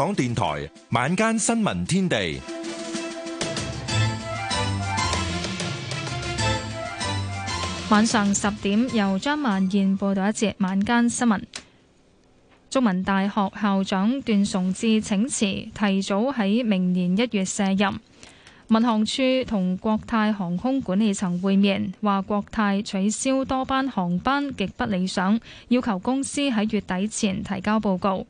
港電台晚間新聞天地，晚上十點由張曼燕報道一節晚間新聞。中文大學校長段崇智請辭，提早喺明年一月卸任。民航處同國泰航空管理層會面，話國泰取消多班航班極不理想，要求公司喺月底前提交報告。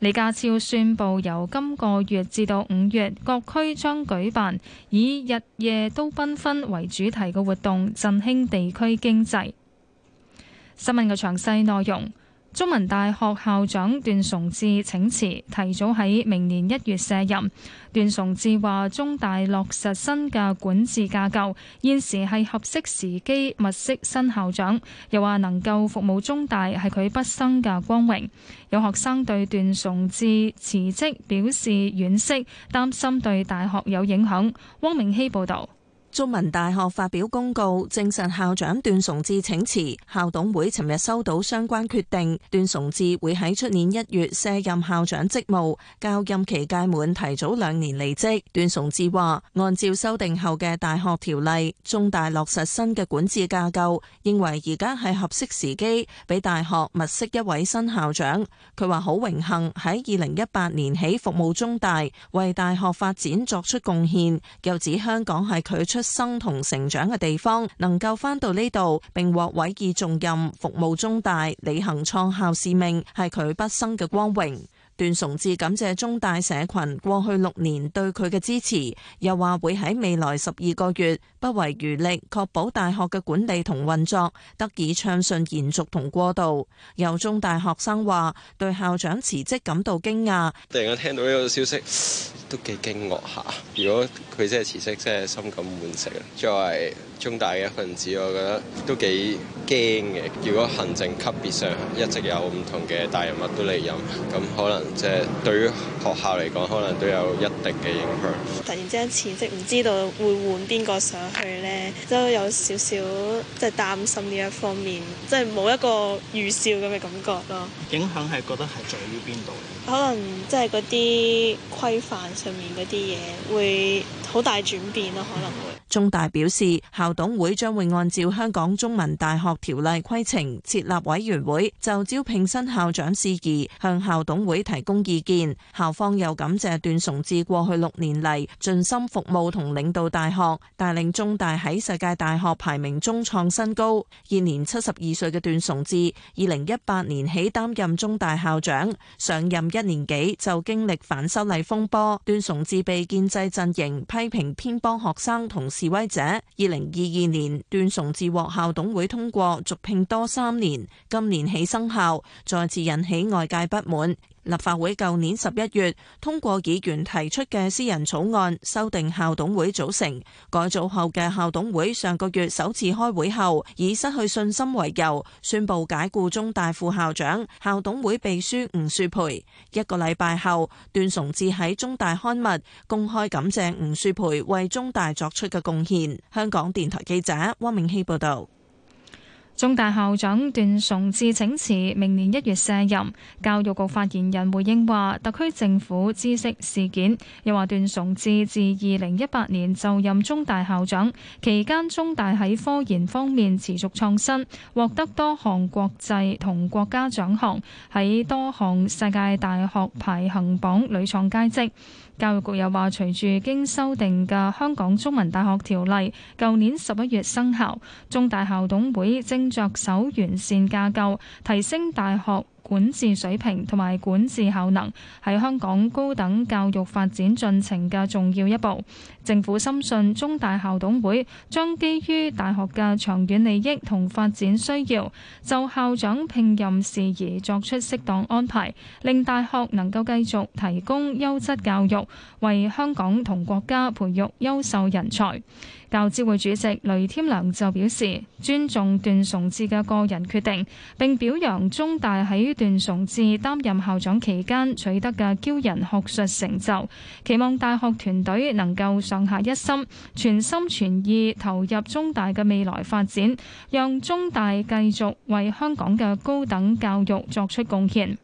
李家超宣布，由今個月至到五月，各區將舉辦以日夜都繽紛為主題嘅活動，振興地區經濟。新聞嘅詳細內容。中文大學校長段崇智請辭，提早喺明年一月卸任。段崇智話：中大落實新嘅管治架構，現時係合適時機物色新校長。又話能夠服務中大係佢畢生嘅光榮。有學生對段崇智辭職表示惋惜，擔心對大學有影響。汪明希報道。中文大學發表公告證實校長段崇智請辭，校董會尋日收到相關決定，段崇智會喺出年一月卸任校長職務，較任期屆滿提早兩年離職。段崇智話：按照修訂後嘅大學條例，中大落實新嘅管治架構，認為而家係合適時機，俾大學物色一位新校長。佢話好榮幸喺二零一八年起服務中大，為大學發展作出貢獻。又指香港係佢出。出生同成長嘅地方，能夠返到呢度並獲委以重任，服務中大、履行創校使命，係佢畢生嘅光榮。段崇智感謝中大社群過去六年對佢嘅支持，又話會喺未來十二個月不遺餘力，確保大學嘅管理同運作得以暢順延續同過渡。有中大學生話對校長辭職感到驚訝，突然間聽到呢個消息都幾驚愕嚇。如果佢真係辭職，真係心感惋惜啊！作中大嘅一份子，我覺得都幾驚嘅。如果行政級別上一直有唔同嘅大人物都嚟任，咁可能即係對於學校嚟講，可能都有一定嘅影響。突然之間辭職，唔知道會換邊個上去咧，都有少少即係擔心呢一方面，即係冇一個預兆咁嘅感覺咯。影響係覺得係在於邊度咧？可能即係嗰啲規範上面嗰啲嘢會。好大轉變咯、啊，可能會。中大表示校董會將會按照香港中文大學條例規程設立委員會，就招聘新校長事宜向校董會提供意見。校方又感謝段崇智過去六年嚟盡心服務同領導大學，帶領中大喺世界大學排名中創新高。現年七十二歲嘅段崇智，二零一八年起擔任中大校長，上任一年幾就經歷反修例風波，段崇智被建制陣營批評偏幫學生同示威者，二零二二年段崇智獲校董會通過續聘多三年，今年起生效，再次引起外界不滿。立法會舊年十一月通過議員提出嘅私人草案，修訂校董會組成。改組後嘅校董會上個月首次開會後，以失去信心為由，宣布解僱中大副校長、校董會秘書吳樹培。一個禮拜後，段崇智喺中大刊物公開感謝吳樹培為中大作出嘅貢獻。香港電台記者汪明熙報道。中大校長段崇智請辭，明年一月卸任。教育局發言人回應話，特區政府知悉事件，又話段崇智自二零一八年就任中大校長期間，中大喺科研方面持續創新，獲得多項國際同國家獎項，喺多項世界大學排行榜屢創佳績。教育局又話，隨住經修訂嘅《香港中文大學條例》舊年十一月生效，中大校董會正着手完善架構，提升大學管治水平同埋管治效能，係香港高等教育發展進程嘅重要一步。政府深信中大校董會將基於大學嘅長遠利益同發展需要，就校長聘任事宜作出適當安排，令大學能夠繼續提供優質教育，為香港同國家培育優秀人才。教資會主席雷添良就表示尊重段崇智嘅個人決定，並表揚中大喺段崇智擔任校長期間取得嘅驕人學術成就，期望大學團隊能夠上下一心，全心全意投入中大嘅未來發展，讓中大繼續為香港嘅高等教育作出貢獻。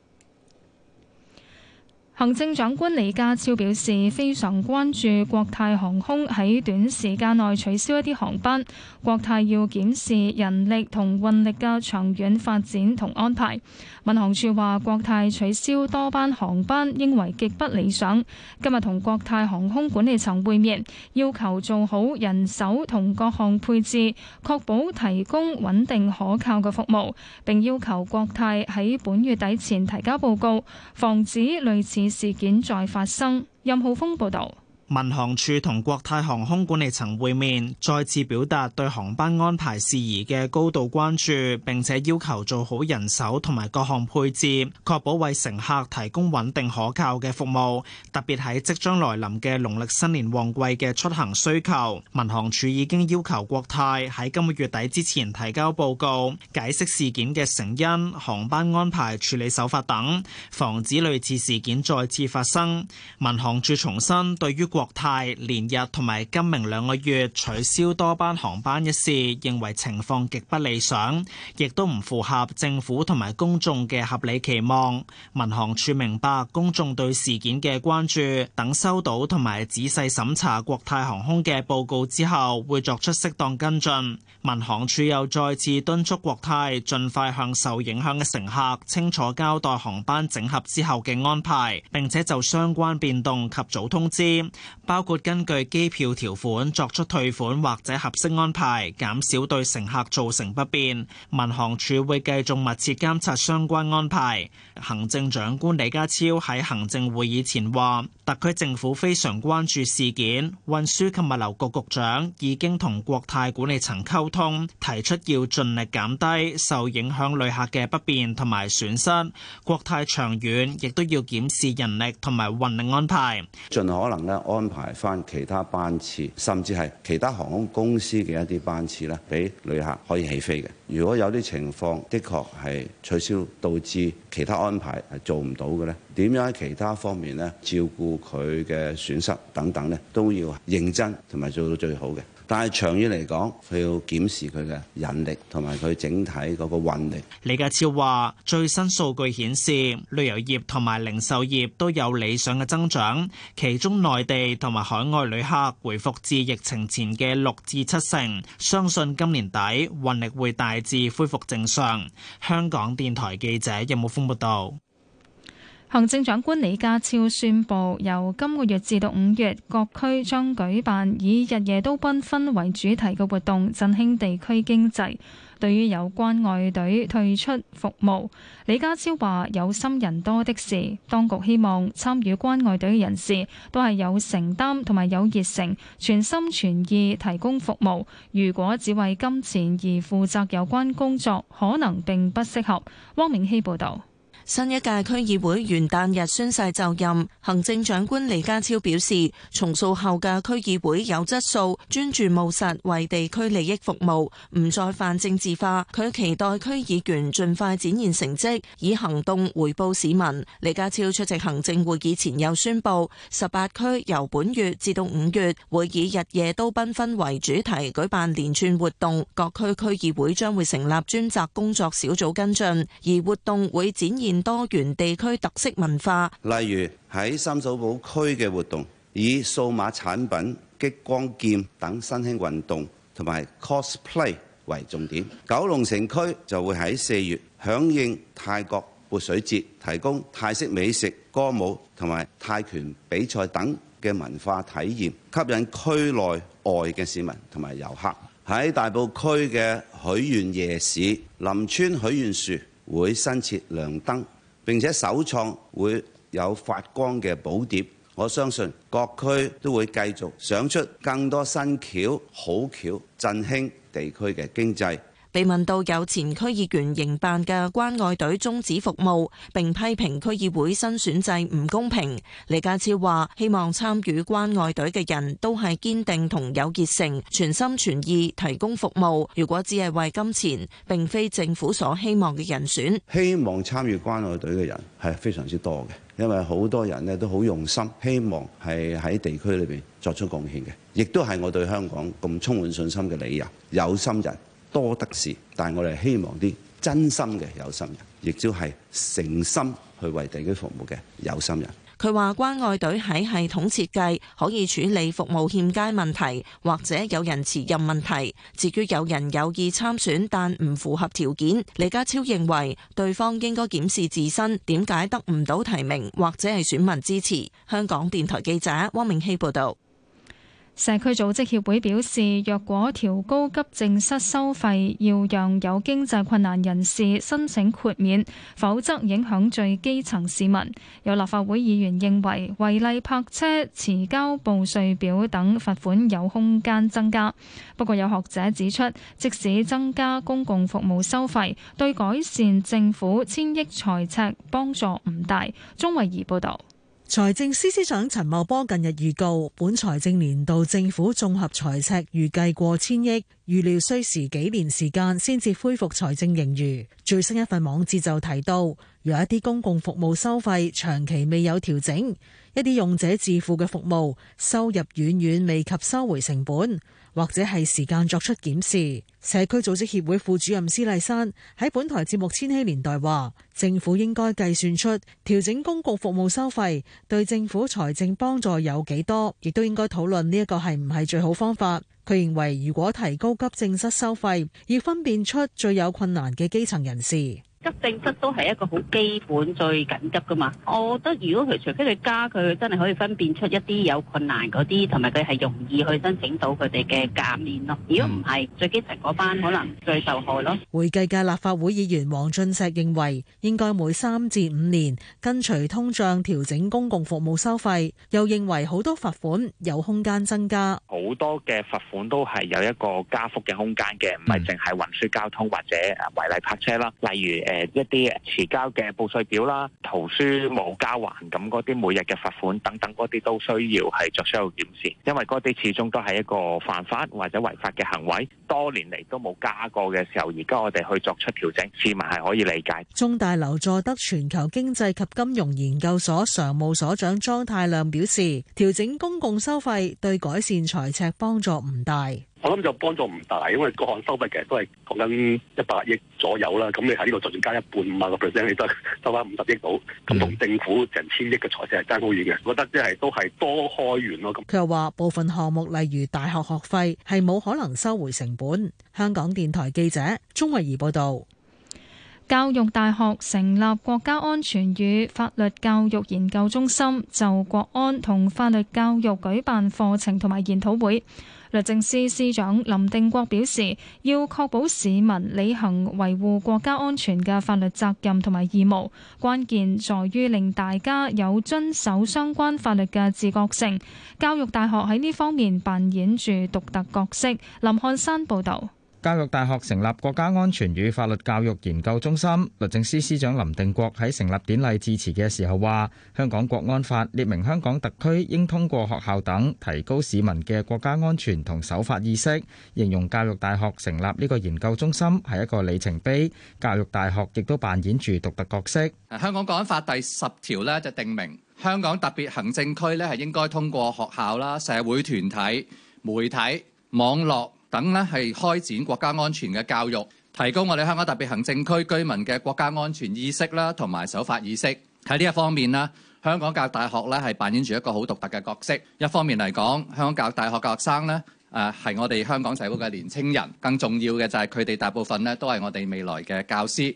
行政長官李家超表示非常關注國泰航空喺短時間內取消一啲航班，國泰要檢視人力同運力嘅長遠發展同安排。民航處話國泰取消多班航班認為極不理想。今日同國泰航空管理層會面，要求做好人手同各項配置，確保提供穩定可靠嘅服務。並要求國泰喺本月底前提交報告，防止類似事件再發生。任浩峰報道。民航處同國泰航空管理層會面，再次表達對航班安排事宜嘅高度關注，並且要求做好人手同埋各項配置，確保為乘客提供穩定可靠嘅服務。特別喺即將來臨嘅農曆新年旺季嘅出行需求，民航處已經要求國泰喺今個月底之前提交報告，解釋事件嘅成因、航班安排、處理手法等，防止類似事件再次發生。民航處重申，對於。國泰連日同埋今明兩個月取消多班航班一事，認為情況極不理想，亦都唔符合政府同埋公眾嘅合理期望。民航處明白公眾對事件嘅關注，等收到同埋仔細審查國泰航空嘅報告之後，會作出適當跟進。民航處又再次敦促國泰盡快向受影響嘅乘客清楚交代航班整合之後嘅安排，並且就相關變動及早通知。包括根據機票條款作出退款或者合適安排，減少對乘客造成不便。民航處會繼續密切監察相關安排。行政長官李家超喺行政會議前話，特區政府非常關注事件。運輸及物流局局長已經同國泰管理層溝通，提出要盡力減低受影響旅客嘅不便同埋損失。國泰長遠亦都要檢視人力同埋運力安排，盡可能嘅我安排翻其他班次，甚至係其他航空公司嘅一啲班次咧，俾旅客可以起飛嘅。如果有啲情況，的確係取消，導致其他安排係做唔到嘅咧，點樣喺其他方面咧照顧佢嘅損失等等咧，都要認真同埋做到最好嘅。但係長遠嚟講，佢要檢視佢嘅引力同埋佢整體嗰個運力。李家超話：最新數據顯示，旅遊業同埋零售業都有理想嘅增長，其中內地同埋海外旅客回復至疫情前嘅六至七成，相信今年底運力會大致恢復正常。香港電台記者任木峯報道。行政長官李家超宣布，由今個月至到五月，各區將舉辦以日夜都繽紛為主題嘅活動，振興地區經濟。對於有關愛隊退出服務，李家超話：有心人多的是，當局希望參與關愛隊嘅人士都係有承擔同埋有熱誠，全心全意提供服務。如果只為金錢而負責有關工作，可能並不適合。汪明希報道。新一屆區議會元旦日宣誓就任，行政長官李家超表示，重塑後嘅區議會有質素，專注務實，為地區利益服務，唔再泛政治化。佢期待區議員盡快展現成績，以行動回報市民。李家超出席行政會議前又宣布，十八區由本月至到五月，會以日夜都繽紛為主題舉辦連串活動，各區區議會將會成立專責工作小組跟進，而活動會展現。多元地區特色文化，例如喺深水埗區嘅活動，以數碼產品、激光劍等新興運動同埋 cosplay 為重點。九龍城區就會喺四月響應泰國潑水節，提供泰式美食、歌舞同埋泰拳比賽等嘅文化體驗，吸引區內外嘅市民同埋遊客。喺大埔區嘅許願夜市、林村許願樹，會新設亮燈，並且首創會有發光嘅寶碟。我相信各區都會繼續想出更多新橋、好橋，振興地區嘅經濟。被問到有前區議員營辦嘅關愛隊終止服務，並批評區議會新選制唔公平，李家超話：希望參與關愛隊嘅人都係堅定同有熱誠，全心全意提供服務。如果只係為金錢，並非政府所希望嘅人選。希望參與關愛隊嘅人係非常之多嘅，因為好多人呢都好用心，希望係喺地區裏面作出貢獻嘅，亦都係我對香港咁充滿信心嘅理由。有心人。多得事，但我哋希望啲真心嘅有心人，亦都係誠心去為地區服務嘅有心人。佢話關愛隊喺系統設計可以處理服務欠佳問題，或者有人辭任問題，至於有人有意參選但唔符合條件，李家超認為對方應該檢視自身點解得唔到提名或者係選民支持。香港電台記者汪明熙報道。社區組織協會表示，若果調高急症室收費，要讓有經濟困難人士申請豁免，否則影響最基層市民。有立法會議員認為，違例泊車、遲交報稅表等罰款有空間增加。不過，有學者指出，即使增加公共服務收費，對改善政府千億財赤幫助唔大。鍾慧儀報導。財政司司長陳茂波近日預告，本財政年度政府綜合財赤預計過千億，預料需時幾年時間先至恢復財政盈餘。最新一份網誌就提到。有一啲公共服務收費長期未有調整，一啲用者自付嘅服務收入遠遠未及收回成本，或者係時間作出檢視。社區組織協會副主任施麗珊喺本台節目《千禧年代》話政府應該計算出調整公共服務收費對政府財政幫助有幾多，亦都應該討論呢一個係唔係最好方法。佢認為如果提高急症室收費要分辨出最有困難嘅基層人士。急症室都係一個好基本最緊急噶嘛，我覺得如果佢除非佢加佢，真係可以分辨出一啲有困難嗰啲，同埋佢係容易去申請到佢哋嘅減免咯。如果唔係，最基層嗰班可能最受害咯。會計界立法會議員黃俊碩認為，應該每三至五年跟隨通脹調整公共服務收費，又認為好多罰款有空間增加。好多嘅罰款都係有一個加幅嘅空間嘅，唔係淨係運輸交通或者違例泊車啦，例如誒。誒一啲遲交嘅報稅表啦，圖書冇交還咁嗰啲每日嘅罰款等等嗰啲都需要係作需要檢視，因為嗰啲始終都係一個犯法或者違法嘅行為，多年嚟都冇加過嘅時候，而家我哋去作出調整，市民係可以理解。中大劉佐德全球經濟及金融研究所常務所長莊太量表示，調整公共收費對改善財赤幫助唔大。我諗就幫助唔大，因為各項收費其實都係講緊一百億左右啦。咁你喺呢度就算加一半五萬個 percent，你都收翻五十億到咁，同政府成千億嘅財政係爭好遠嘅。我覺得即係都係多開源咯。佢又話部分項目例如大學學費係冇可能收回成本。香港電台記者鍾慧儀報道。教育大學成立國家安全與法律教育研究中心，就國安同法律教育舉辦課程同埋研討會。律政司司長林定國表示，要確保市民履行維護國家安全嘅法律責任同埋義務，關鍵在於令大家有遵守相關法律嘅自覺性。教育大學喺呢方面扮演住獨特角色。林漢山報導。教育大學成立國家安全與法律教育研究中心，律政司司長林定國喺成立典禮致辭嘅時候話：香港國安法列明香港特區應通過學校等提高市民嘅國家安全同守法意識，形容教育大學成立呢個研究中心係一個里程碑。教育大學亦都扮演住獨特角色。香港國安法第十條呢就定明，香港特別行政區呢係應該通過學校啦、社會團體、媒體、網絡。等咧係開展國家安全嘅教育，提高我哋香港特別行政區居民嘅國家安全意識啦，同埋守法意識。喺呢一方面啦，香港教育大學咧係扮演住一個好獨特嘅角色。一方面嚟講，香港教育大學嘅學生咧，誒係我哋香港社會嘅年青人，更重要嘅就係佢哋大部分咧都係我哋未來嘅教師。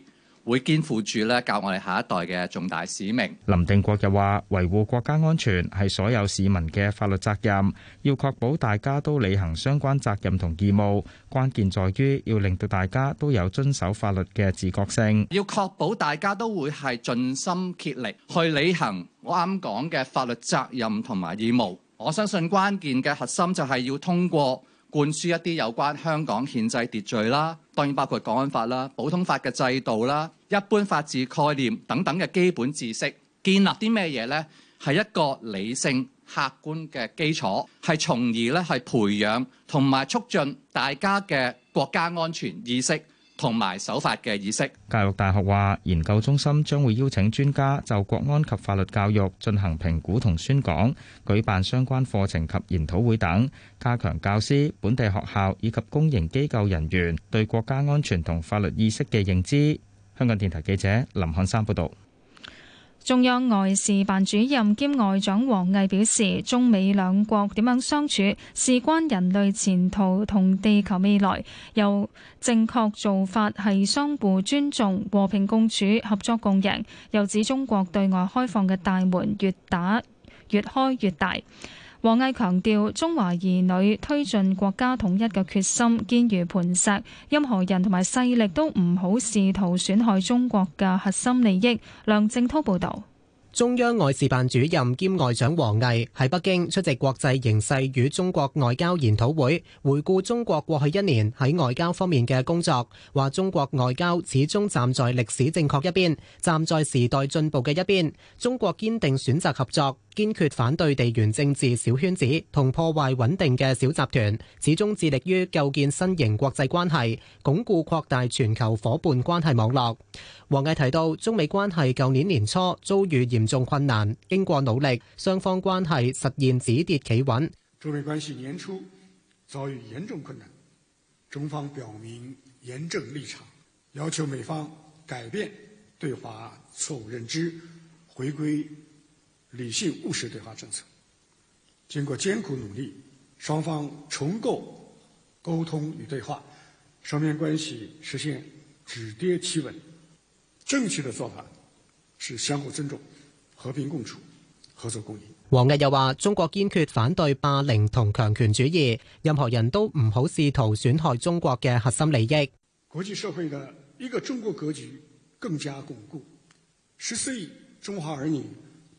會肩負住咧教我哋下一代嘅重大使命。林定國又話，維護國家安全係所有市民嘅法律責任，要確保大家都履行相關責任同義務，關鍵在於要令到大家都有遵守法律嘅自覺性，要確保大家都會係盡心竭力去履行我啱講嘅法律責任同埋義務，我相信關鍵嘅核心就係要通過灌輸一啲有關香港憲制秩序啦，當然包括《國安法》啦、普通法嘅制度啦、一般法治概念等等嘅基本知識，建立啲咩嘢呢？係一個理性、客觀嘅基礎，係從而咧係培養同埋促進大家嘅國家安全意識。同埋守法嘅意識。教育大學話，研究中心將會邀請專家就國安及法律教育進行評估同宣講，舉辦相關課程及研討會等，加強教師、本地學校以及公營機構人員對國家安全同法律意識嘅認知。香港電台記者林漢山報道。中央外事辦主任兼外長王毅表示，中美兩國點樣相處，事關人類前途同地球未來，又正確做法係相互尊重、和平共處、合作共贏。又指中國對外開放嘅大門越打越開越大。王毅強調，中華兒女推進國家統一嘅決心堅如磐石，任何人同埋勢力都唔好試圖損害中國嘅核心利益。梁正滔報導，中央外事辦主任兼外長王毅喺北京出席國際形勢與中國外交研討會，回顧中國過去一年喺外交方面嘅工作，話中國外交始終站在歷史正確一邊，站在時代進步嘅一邊，中國堅定選擇合作，堅決反對地緣政治小圈子同破壞穩定嘅小集團，始終致力於構建新型國際關係，鞏固擴大全球夥伴關係網絡。王毅提到，中美關係舊年年初遭遇嚴重困難，經過努力，雙方關係實現止跌企穩。中美關係年初遭遇嚴重困難，中方表明嚴正立場，要求美方改變對華錯誤認知，回歸，理性務實對華政策，經過艱苦努力，雙方重構溝通與對話，雙邊關係實現止跌企穩。正確的做法是相互尊重、和平共處、合作共贏。王毅又話：中國堅決反對霸凌同強權主義，任何人都唔好試圖損害中國嘅核心利益。國際社會嘅一個中國格局更加鞏固，十四億中華兒女，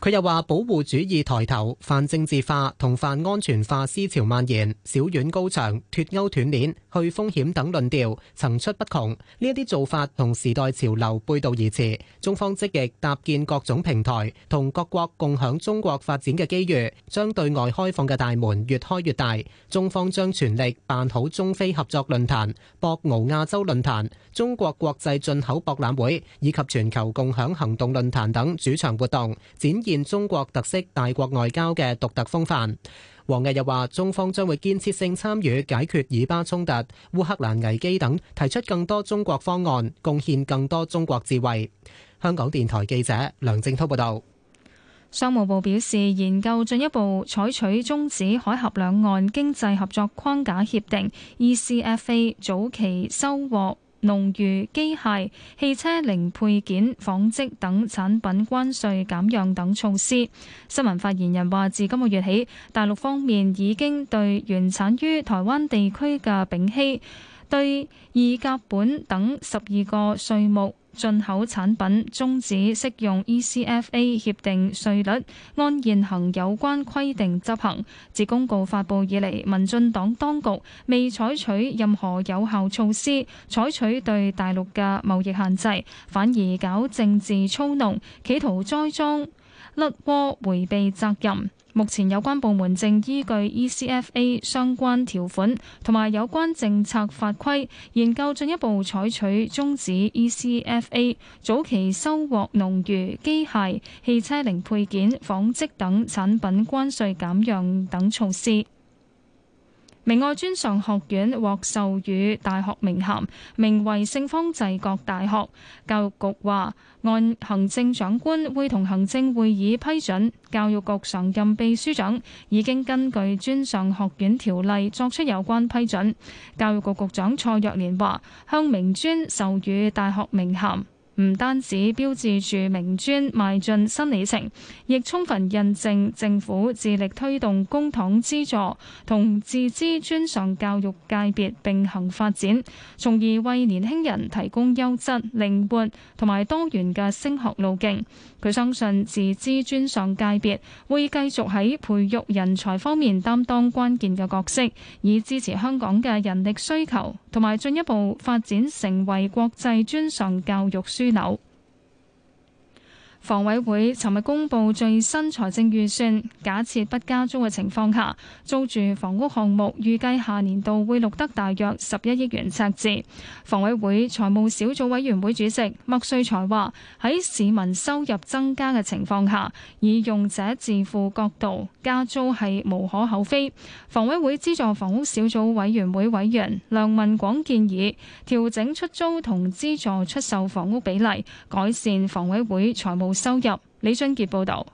佢又話：保護主義抬頭，泛政治化同泛安全化思潮蔓延，小院高牆、脫鉤斷鏈、去風險等論調層出不窮。呢一啲做法同時代潮流背道而馳。中方積極搭建各種平台，同各國共享中國發展嘅機遇，將對外開放嘅大門越開越大。中方將全力辦好中非合作論壇、博鰲亞洲論壇、中國國際進口博覽會以及全球共享行動論壇等主場活動，展現中國特色大國外交嘅獨特風範。王毅又話：中方將會建設性參與解決以巴衝突、烏克蘭危機等，提出更多中國方案，貢獻更多中國智慧。香港電台記者梁正滔報導。商務部表示，研究進一步採取中止海峽兩岸經濟合作框架協定 （ECFA） 早期收穫農漁機械、汽車零配件、紡織等產品關稅減讓等措施。新聞發言人話：自今個月起，大陸方面已經對原產於台灣地區嘅丙烯、對二甲苯等十二個稅目。進口產品中止適用 ECFA 協定稅率，按現行有關規定執行。自公告發佈以來，民進黨當局未採取任何有效措施，採取對大陸嘅貿易限制，反而搞政治操弄，企圖栽贓甩鍋，回避責任。目前有關部門正依據 ECFA 相關條款同埋有關政策法規研究進一步採取終止 ECFA 早期收穫農漁、機械、汽車零配件、紡織等產品關稅減讓等措施。明愛專上學院獲授予大學名銜，名為聖方濟各大學。教育局話，按行政長官會同行政會議批准，教育局常任秘書長已經根據專上學院條例作出有關批准。教育局局長蔡若蓮話：向明專授予大學名銜。唔單止標誌住明專邁進新里程，亦充分印證政府致力推動公帑資助同自資專上教育界別並行發展，從而為年輕人提供優質、靈活同埋多元嘅升學路徑。佢相信自資專上界別會繼續喺培育人才方面擔當關鍵嘅角色，以支持香港嘅人力需求，同埋進一步發展成為國際專上教育樞紐。房委會尋日公布最新財政預算，假設不加租嘅情況下，租住房屋項目預計下年度會錄得大約十一億元赤字。房委會財務小組委員會主席麥瑞才話：喺市民收入增加嘅情況下，以用者自負角度加租係無可厚非。房委會資助房屋小組委員會委員梁文廣建議調整出租同資助出售房屋比例，改善房委會財務。收入李俊杰報道，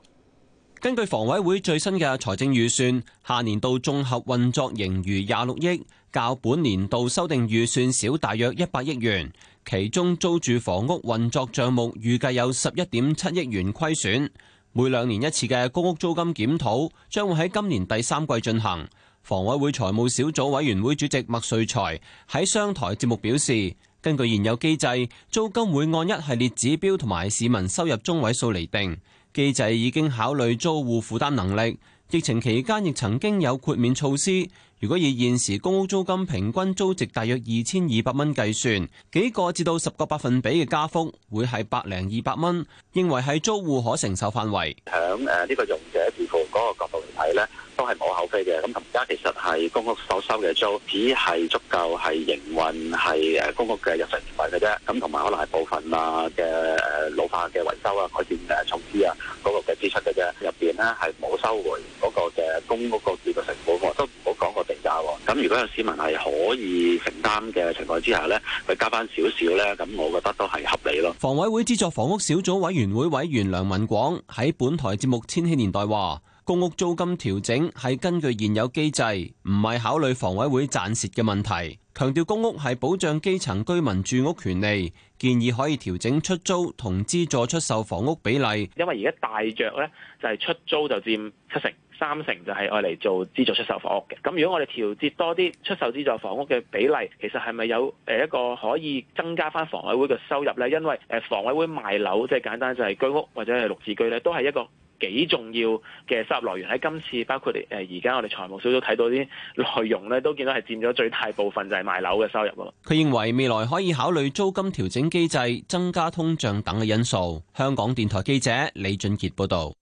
根據房委會最新嘅財政預算，下年度綜合運作盈餘廿六億，較本年度修訂預算少大約一百億元。其中租住房屋運作賬目預計有十一點七億元虧損。每兩年一次嘅公屋租金檢討將會喺今年第三季進行。房委會財務小組委員會主席麥瑞才喺商台節目表示。根據現有機制，租金會按一系列指標同埋市民收入中位數嚟定。機制已經考慮租戶負擔能力，疫情期間亦曾經有豁免措施。如果以現時公屋租金平均租值大約二千二百蚊計算，幾個至到十個百分比嘅加幅會係百零二百蚊，認為係租戶可承受範圍。喺呢個用者自付嗰個角度嚟睇咧。都係冇口碑嘅，咁同而家其實係公屋所收嘅租，只係足夠係營運係誒公屋嘅日常成本嘅啫。咁同埋可能係部分啊嘅誒老化嘅維修啊、改善誒措施啊嗰個嘅支出嘅啫，入邊咧係冇收回嗰個嘅公屋個結嘅成本，我都唔好講個定價。咁如果有市民係可以承擔嘅情況之下咧，佢加翻少少咧，咁我覺得都係合理咯。房委會資助房屋小組委員會委員梁文廣喺本台節目《千禧年代》話。公屋租金調整係根據現有機制，唔係考慮房委會賺蝕嘅問題。強調公屋係保障基層居民住屋權利，建議可以調整出租同資助出售房屋比例。因為而家大着，呢就係出租就佔七成。三成就係愛嚟做資助出售房屋嘅，咁如果我哋調節多啲出售資助房屋嘅比例，其實係咪有誒一個可以增加翻房委會嘅收入呢？因為誒房委會賣樓即係簡單就係居屋或者係綠置居咧，都係一個幾重要嘅收入來源。喺今次包括我而家我哋財務小組都睇到啲內容咧，都見到係佔咗最大部分就係賣樓嘅收入咯。佢認為未來可以考慮租金調整機制、增加通脹等嘅因素。香港電台記者李俊傑報道。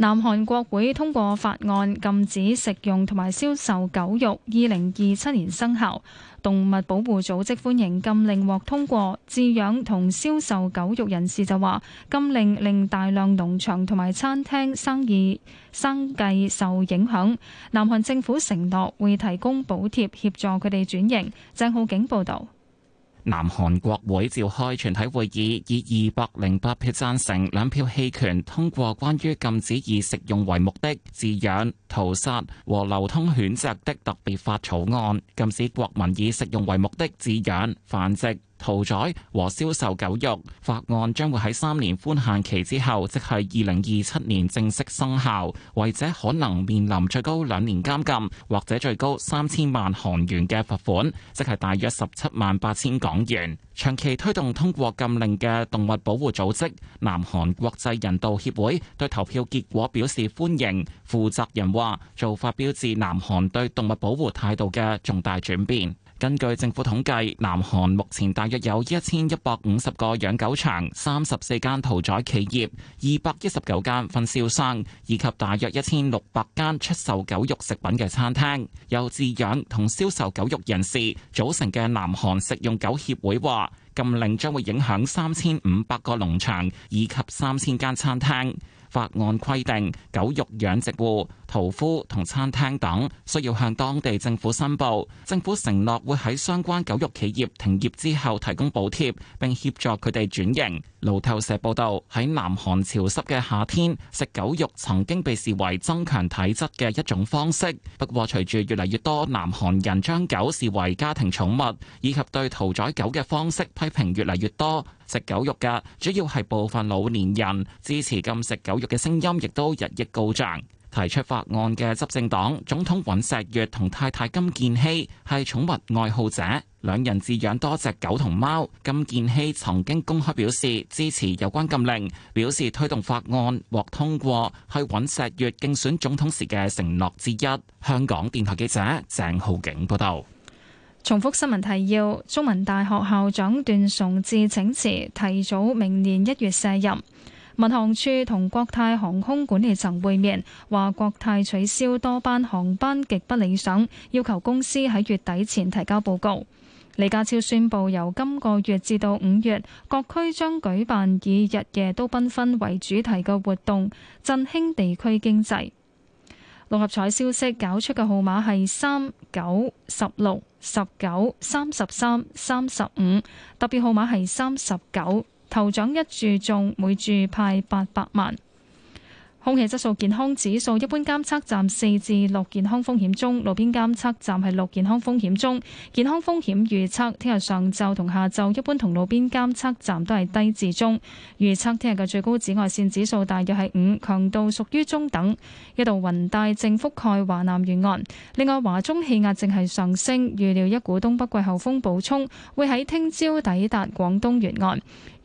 南韓國會通過法案禁止食用同埋銷售狗肉，二零二七年生效。動物保護組織歡迎禁令獲通過，飼養同銷售狗肉人士就話禁令令大量農場同埋餐廳生意、生計受影響。南韓政府承諾會提供補貼協助佢哋轉型。鄭浩景報道。南韓國會召開全體會議，以二百零八票贊成、兩票棄權通過關於禁止以食用為目的飼養、屠殺和流通犬隻的特別法草案，禁止國民以食用為目的飼養繁殖、屠宰和銷售狗肉法案將會喺三年寬限期之後，即係二零二七年正式生效，違者可能面臨最高兩年監禁或者最高三千萬韓元嘅罰款，即係大約十七萬八千港元。長期推動通過禁令嘅動物保護組織南韓國際人道協會對投票結果表示歡迎，負責人話：做法標誌南韓對動物保護態度嘅重大轉變。根據政府統計，南韓目前大約有一千一百五十個養狗場、三十四間屠宰企業、二百一十九間分銷商，以及大約一千六百間出售狗肉食品嘅餐廳。由飼養同銷售狗肉人士組成嘅南韓食用狗協會話，禁令將會影響三千五百個農場以及三千間餐廳。法案規定，狗肉養殖戶、屠夫同餐廳等需要向當地政府申報。政府承諾會喺相關狗肉企業停業之後提供補貼，並協助佢哋轉型。路透社報道，喺南韓潮濕嘅夏天，食狗肉曾經被視為增強體質嘅一種方式。不過，隨住越嚟越多南韓人將狗視為家庭寵物，以及對屠宰狗嘅方式批評越嚟越多，食狗肉嘅主要係部分老年人，支持禁食狗肉嘅聲音亦都日益高漲。提出法案嘅執政黨總統尹錫悅同太太金建希係寵物愛好者，兩人飼養多隻狗同貓。金建希曾經公開表示支持有關禁令，表示推動法案獲通過係尹錫悅競選總統時嘅承諾之一。香港電台記者鄭浩景報道。重複新聞提要：中文大學校長段崇智請辭，提早明年一月卸任。民航處同國泰航空管理層會面，話國泰取消多班航班極不理想，要求公司喺月底前提交報告。李家超宣布由今個月至到五月，各區將舉辦以日夜都繽紛為主題嘅活動，振興地區經濟。六合彩消息，攪出嘅號碼係三九十六十九三十三三十五，特別號碼係三十九。頭獎一注中，每注派八百萬。空氣質素健康指數一般監測站四至六健康風險中，路邊監測站係六健康風險中。健康風險預測，聽日上晝同下晝一般同路邊監測站都係低至中。預測聽日嘅最高紫外線指數大約係五，強度屬於中等。一道雲帶正覆蓋華南沿岸，另外華中氣壓正係上升，預料一股東北季候風補充會喺聽朝抵達廣東沿岸。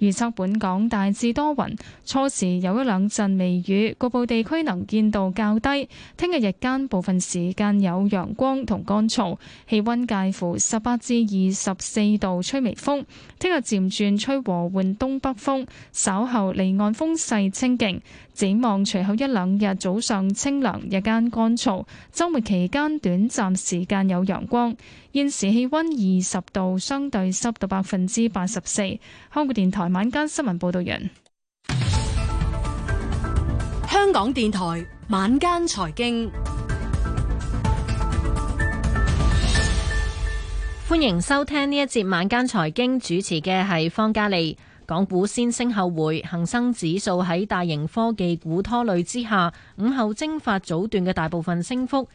預測本港大致多雲，初時有一兩陣微雨，局部地區能見度較低。聽日日間部分時間有陽光同乾燥，氣溫介乎十八至二十四度，吹微風。聽日漸轉吹和緩東北風，稍後離岸風勢清勁。展望隨後一兩日早上清涼，日間乾燥，週末期間短暫時間有陽光。現時氣溫二十度，相對濕度百分之八十四。香港電台晚間新聞報道員。香港電台晚間財經，歡迎收聽呢一節晚間財經，主持嘅係方嘉利。港股先升後回，恒生指數喺大型科技股拖累之下，午後蒸發早段嘅大部分升幅。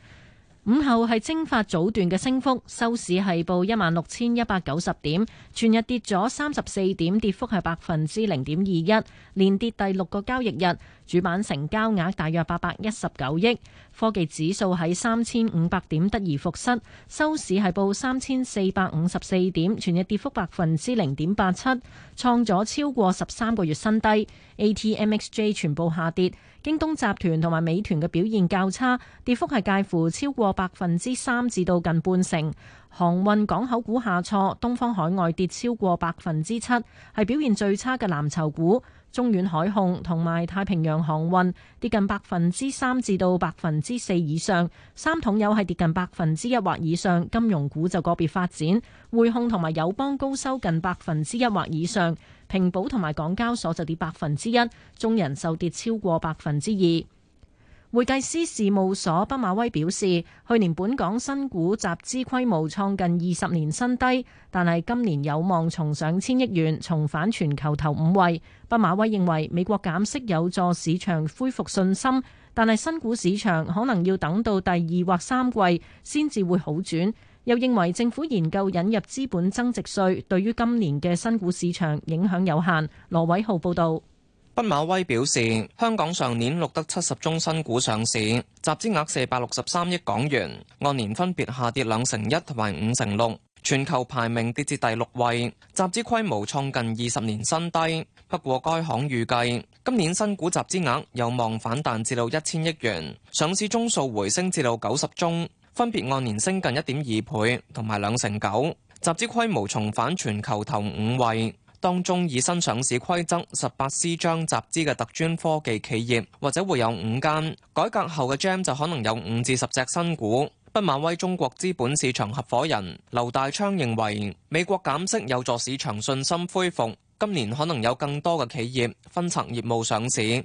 午後係蒸發早段嘅升幅，收市係報一萬六千一百九十點，全日跌咗三十四點，跌幅係百分之零點二一，連跌第六個交易日。主板成交額大約八百一十九億。科技指數喺三千五百點得而復失，收市係報三千四百五十四點，全日跌幅百分之零點八七，創咗超過十三個月新低。ATMXJ 全部下跌，京東集團同埋美團嘅表現較差，跌幅係介乎超過百分之三至到近半成。航運港口股下挫，東方海外跌超過百分之七，係表現最差嘅藍籌股。中遠海控同埋太平洋航運跌近百分之三至到百分之四以上，三桶油係跌近百分之一或以上，金融股就個別發展，匯控同埋友邦高收近百分之一或以上，平保同埋港交所就跌百分之一，中人就跌超過百分之二。會計師事務所畢馬威表示，去年本港新股集資規模創近二十年新低，但係今年有望重上千億元，重返全球頭五位。畢馬威認為，美國減息有助市場恢復信心，但係新股市場可能要等到第二或三季先至會好轉。又認為政府研究引入資本增值稅，對於今年嘅新股市場影響有限。羅偉浩報道。畢馬威表示，香港上年錄得七十宗新股上市，集資額四百六十三億港元，按年分別下跌兩成一，同埋五成六，全球排名跌至第六位，集資規模創近二十年新低。不過該預計，該行預計今年新股集資額有望反彈至到一千億元，上市宗數回升至到九十宗，分別按年升近一點二倍，同埋兩成九，集資規模重返全球頭五位。當中以新上市規則十八 C 章集資嘅特專科技企業，或者會有五間。改革後嘅 GEM 就可能有五至十隻新股。畢馬威中國資本市場合夥人劉大昌認為，美國減息有助市場信心恢復，今年可能有更多嘅企業分拆業務上市。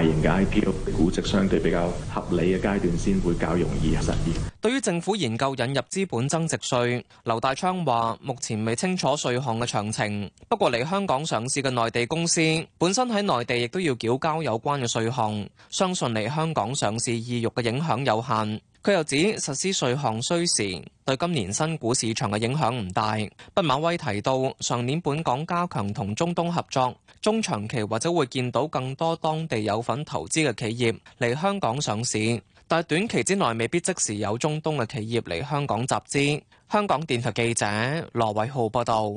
大型嘅 IPO 估值相對比較合理嘅階段，先會較容易實現。對於政府研究引入資本增值稅，劉大昌話：目前未清楚稅項嘅詳情，不過嚟香港上市嘅內地公司本身喺內地亦都要繳交有關嘅稅項，相信嚟香港上市意欲嘅影響有限。佢又指實施稅項需時，對今年新股市場嘅影響唔大。畢馬威提到，上年本港加強同中東合作。中長期或者會見到更多當地有份投資嘅企業嚟香港上市，但係短期之內未必即時有中東嘅企業嚟香港集資。香港電台記者羅偉浩報道。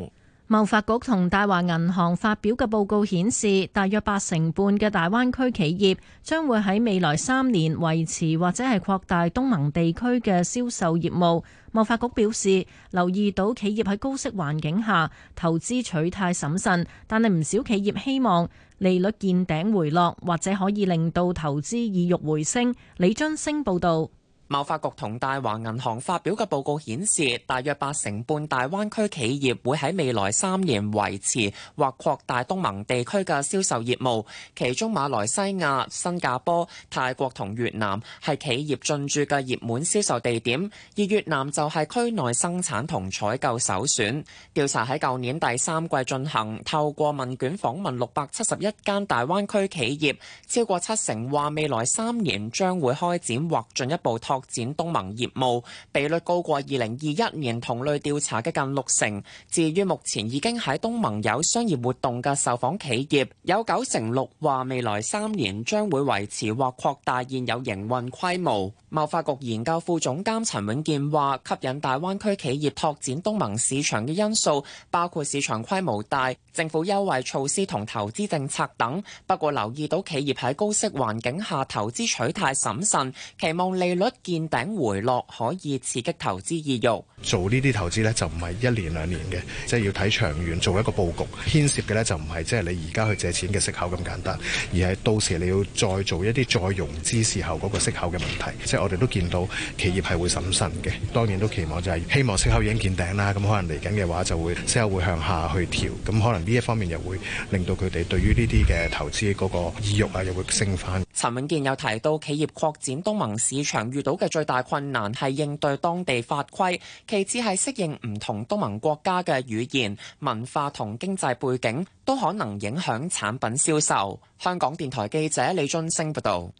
貿發局同大華銀行發表嘅報告顯示，大約八成半嘅大灣區企業將會喺未來三年維持或者係擴大東盟地區嘅銷售業務。貿發局表示，留意到企業喺高息環境下投資取態審慎，但係唔少企業希望利率見頂回落，或者可以令到投資意欲回升。李津星報道。貿發局同大華銀行發表嘅報告顯示，大約八成半大灣區企業會喺未來三年維持或擴大東盟地區嘅銷售業務，其中馬來西亞、新加坡、泰國同越南係企業進駐嘅熱門銷售地點，而越南就係區內生產同採購首選。調查喺舊年第三季進行，透過問卷訪問六百七十一間大灣區企業，超過七成話未來三年將會開展或進一步拓。拓展東盟業務比率高過二零二一年同類調查嘅近六成。至於目前已經喺東盟有商業活動嘅受訪企業，有九成六話未來三年將會維持或擴大現有營運規模。貿發局研究副總監陳永健話，吸引大灣區企業拓展東盟市場嘅因素，包括市場規模大。政府優惠措施同投資政策等，不過留意到企業喺高息環境下投資取態審慎，期望利率見頂回落可以刺激投資意欲。做呢啲投資呢，就唔係一年兩年嘅，即係要睇長遠做一個佈局，牽涉嘅呢，就唔係即係你而家去借錢嘅息口咁簡單，而係到時你要再做一啲再融資時候嗰個息口嘅問題。即係我哋都見到企業係會審慎嘅，當然都期望就係希望息口已經見頂啦，咁可能嚟緊嘅話就會息口會向下去調，咁可能。呢一方面又會令到佢哋對於呢啲嘅投資嗰個意欲啊，又會升返。陳永健又提到，企業擴展東盟市場遇到嘅最大困難係應對當地法規，其次係適應唔同東盟國家嘅語言、文化同經濟背景，都可能影響產品銷售。香港電台記者李俊升報道，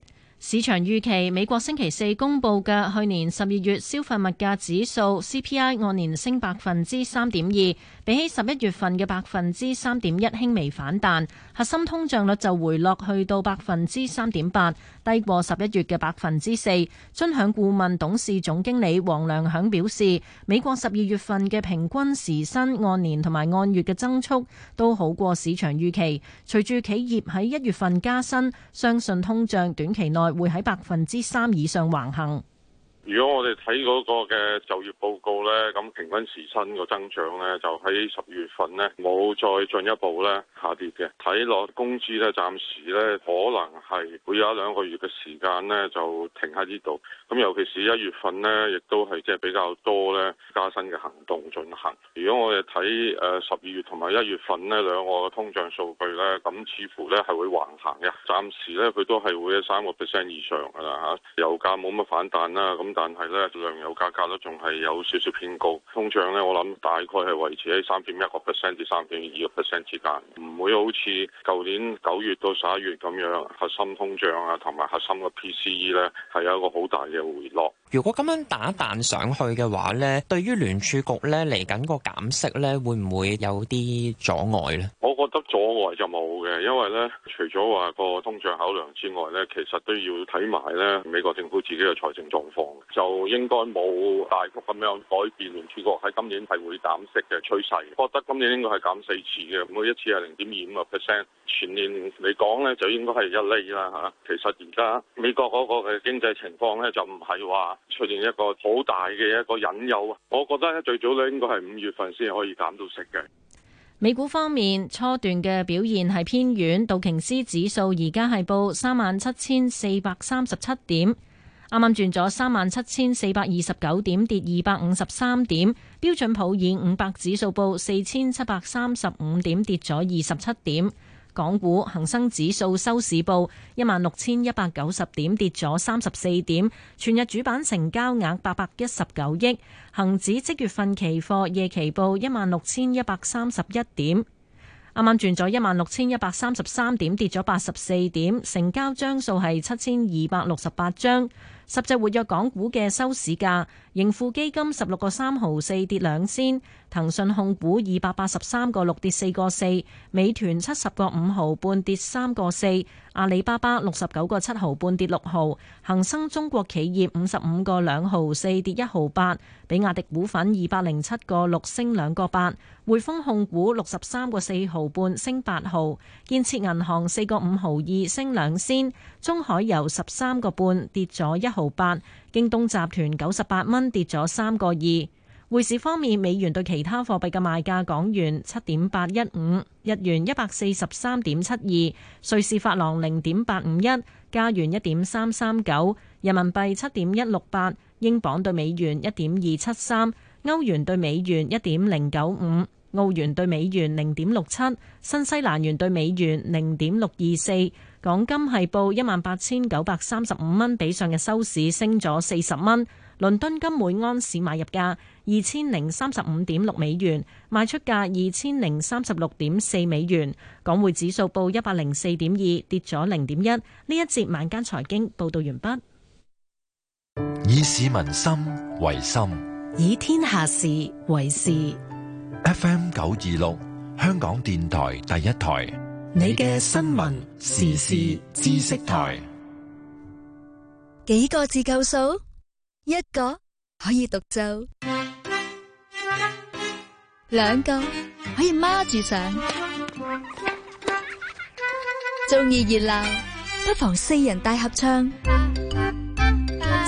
市場預期美國星期四公佈嘅去年十二月消費物價指數 CPI 按年升百分之三點二。比起十一月份嘅百分之三點一輕微反彈，核心通脹率就回落去到百分之三點八，低過十一月嘅百分之四。津享顧問董事總經理黃亮響表示，美國十二月份嘅平均時薪按年同埋按月嘅增速都好過市場預期，隨住企業喺一月份加薪，相信通脹短期內會喺百分之三以上橫行。如果我哋睇嗰個嘅就業報告咧，咁平均時薪個增長咧，就喺十二月份咧冇再進一步咧下跌嘅。睇落工資咧，暫時咧可能係會有一兩個月嘅時間咧就停喺呢度。咁尤其是一月份咧，亦都係即係比較多咧加薪嘅行動進行。如果我哋睇誒十二月同埋一月份咧兩個嘅通脹數據咧，咁似乎咧係會橫行嘅。暫時咧佢都係會喺三個 percent 以上㗎啦嚇。油價冇乜反彈啦，咁。但係咧，糧油價格都仲係有少少偏高，通脹咧，我諗大概係維持喺三點一個 percent 至三點二個 percent 之間，唔會好似舊年九月到十一月咁樣核心通脹啊，同埋核心嘅 PCE 咧係有一個好大嘅回落。如果咁樣打彈上去嘅話咧，對於聯儲局咧嚟緊個減息咧，會唔會有啲阻礙咧？我覺得阻礙就冇嘅，因為咧，除咗話個通脹考量之外咧，其實都要睇埋咧美國政府自己嘅財政狀況。就應該冇大幅咁樣改變，聯儲局喺今年係會減息嘅趨勢。覺得今年應該係減四次嘅，每一次係零點二五個 percent。全年嚟講呢就應該係一厘啦嚇。其實而家美國嗰個嘅經濟情況呢，就唔係話出現一個好大嘅一個隱憂啊。我覺得最早呢應該係五月份先可以減到息嘅。美股方面，初段嘅表現係偏軟，道瓊斯指數而家係報三萬七千四百三十七點。啱啱轉咗三萬七千四百二十九點，跌二百五十三點。標準普爾五百指數報四千七百三十五點，跌咗二十七點。港股恒生指數收市報一萬六千一百九十點，跌咗三十四點。全日主板成交額八百一十九億。恒指即月份期貨夜期報一萬六千一百三十一點。啱啱轉咗一萬六千一百三十三點，跌咗八十四點。成交張數係七千二百六十八張。十隻活躍港股嘅收市價，盈富基金十六個三毫四跌兩仙。騰訊控股二百八十三個六跌四個四，美團七十個五毫半跌三個四，阿里巴巴六十九個七毫半跌六毫，恒生中國企業五十五個兩毫四跌一毫八，比亞迪股份二百零七個六升兩個八，匯豐控股六十三個四毫半升八毫，建設銀行四個五毫二升兩仙，中海油十三個半跌咗一毫八，京東集團九十八蚊跌咗三個二。匯市方面，美元對其他貨幣嘅賣價：港元七點八一五，日元一百四十三點七二，瑞士法郎零點八五一，加元一點三三九，人民幣七點一六八，英鎊對美元一點二七三，歐元對美元一點零九五，澳元對美元零點六七，新西蘭元對美元零點六二四。港金係報一萬八千九百三十五蚊，比上日收市升咗四十蚊。倫敦金每盎司買入價。二千零三十五點六美元，賣出價二千零三十六點四美元。港匯指數報 2, 一百零四點二，跌咗零點一。呢一節晚間財經報道完畢。以市民心為心，以天下事為事。FM 九二六，嗯、26, 香港電台第一台。你嘅新聞時事知識台，幾個字夠數？一個可以讀就。兩個可以孖住上，中意熱鬧，不妨四人大合唱，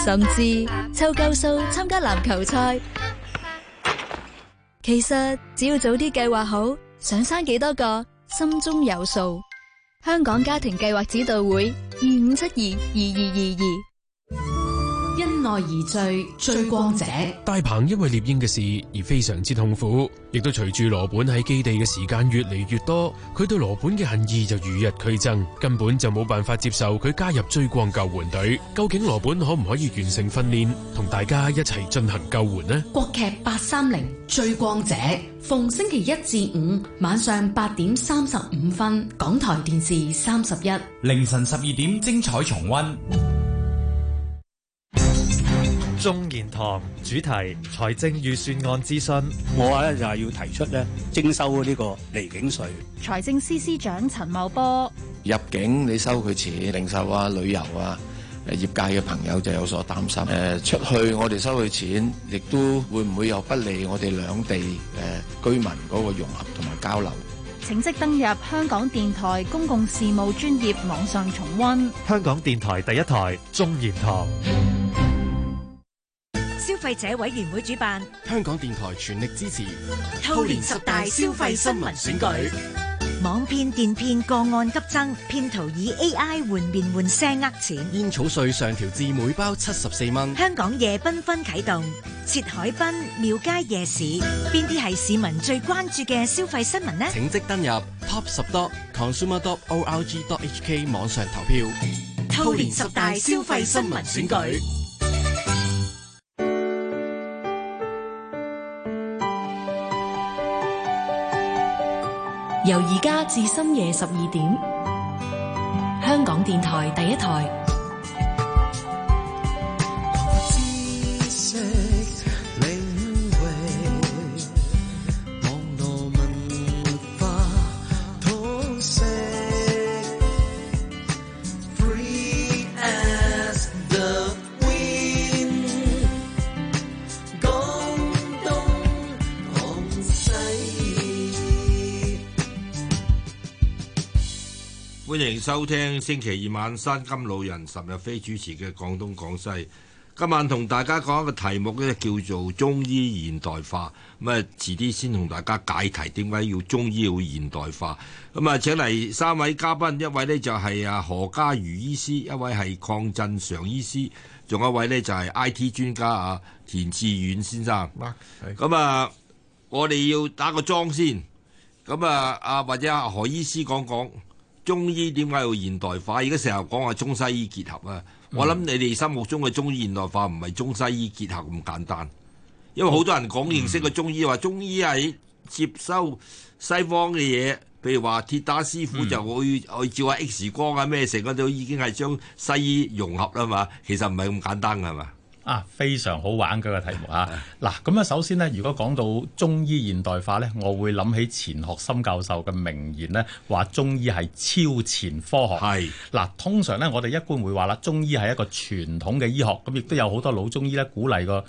甚至湊夠數參加籃球賽。其實只要早啲計劃好，想生幾多個，心中有數。香港家庭計劃指導會二五七二二二二二。因愛而醉，追光者。大鵬因為獵鷹嘅事而非常之痛苦，亦都隨住羅本喺基地嘅時間越嚟越多，佢對羅本嘅恨意就與日俱增，根本就冇辦法接受佢加入追光救援隊。究竟羅本可唔可以完成訓練，同大家一齊進行救援呢？國劇八三零追光者，逢星期一至五晚上八點三十五分，港台電視三十一，凌晨十二點精彩重溫。中研堂主題財政預算案諮詢，我咧就係、是、要提出咧徵收呢個離境稅。財政司司長陳茂波，入境你收佢錢，零售啊、旅遊啊，誒，業界嘅朋友就有所擔心。誒、呃，出去我哋收佢錢，亦都會唔會有不利我哋兩地誒、呃、居民嗰個融合同埋交流？請即登入香港電台公共事務專業網上重溫。香港電台第一台中研堂。消費者委員會主辦，香港電台全力支持。兔年十大消費新聞選舉，網騙、電騙個案急增，騙徒以 AI 換面換聲呃錢。煙草稅上調至每包七十四蚊。香港夜繽紛啟動，設海濱、廟街夜市，邊啲係市民最關注嘅消費新聞呢？請即登入 top10.consumer.org.hk 網上投票。兔年十大消費新聞選舉。由而家至深夜十二點，香港電台第一台。歡迎收聽星期二晚山金老人岑日飛主持嘅廣東廣西。今晚同大家講一個題目呢，叫做中醫現代化。咁啊，遲啲先同大家解題，點解要中醫要現代化？咁啊，請嚟三位嘉賓，一位呢就係啊何家瑜醫師，一位係鄺振常醫師，仲有一位呢就係 I T 專家啊田志遠先生。咁啊，我哋要打個樁先。咁啊，啊或者何醫師講講。中醫點解要現代化？而家成日講話中西醫結合啊！我諗你哋心目中嘅中醫現代化唔係中西醫結合咁簡單，因為好多人講認識嘅中醫話中醫係接收西方嘅嘢，譬如話鐵打師傅就會去照下 X 光啊咩，成個都已經係將西醫融合啦嘛，其實唔係咁簡單㗎係嘛。啊，非常好玩嘅一個題目啊！嗱的，咁啊，首先咧，如果講到中醫現代化咧，我會諗起錢學森教授嘅名言咧，話中醫係超前科學。係的，嗱、啊，通常咧，我哋一般會話啦，中醫係一個傳統嘅醫學，咁亦都有好多老中醫咧鼓勵過。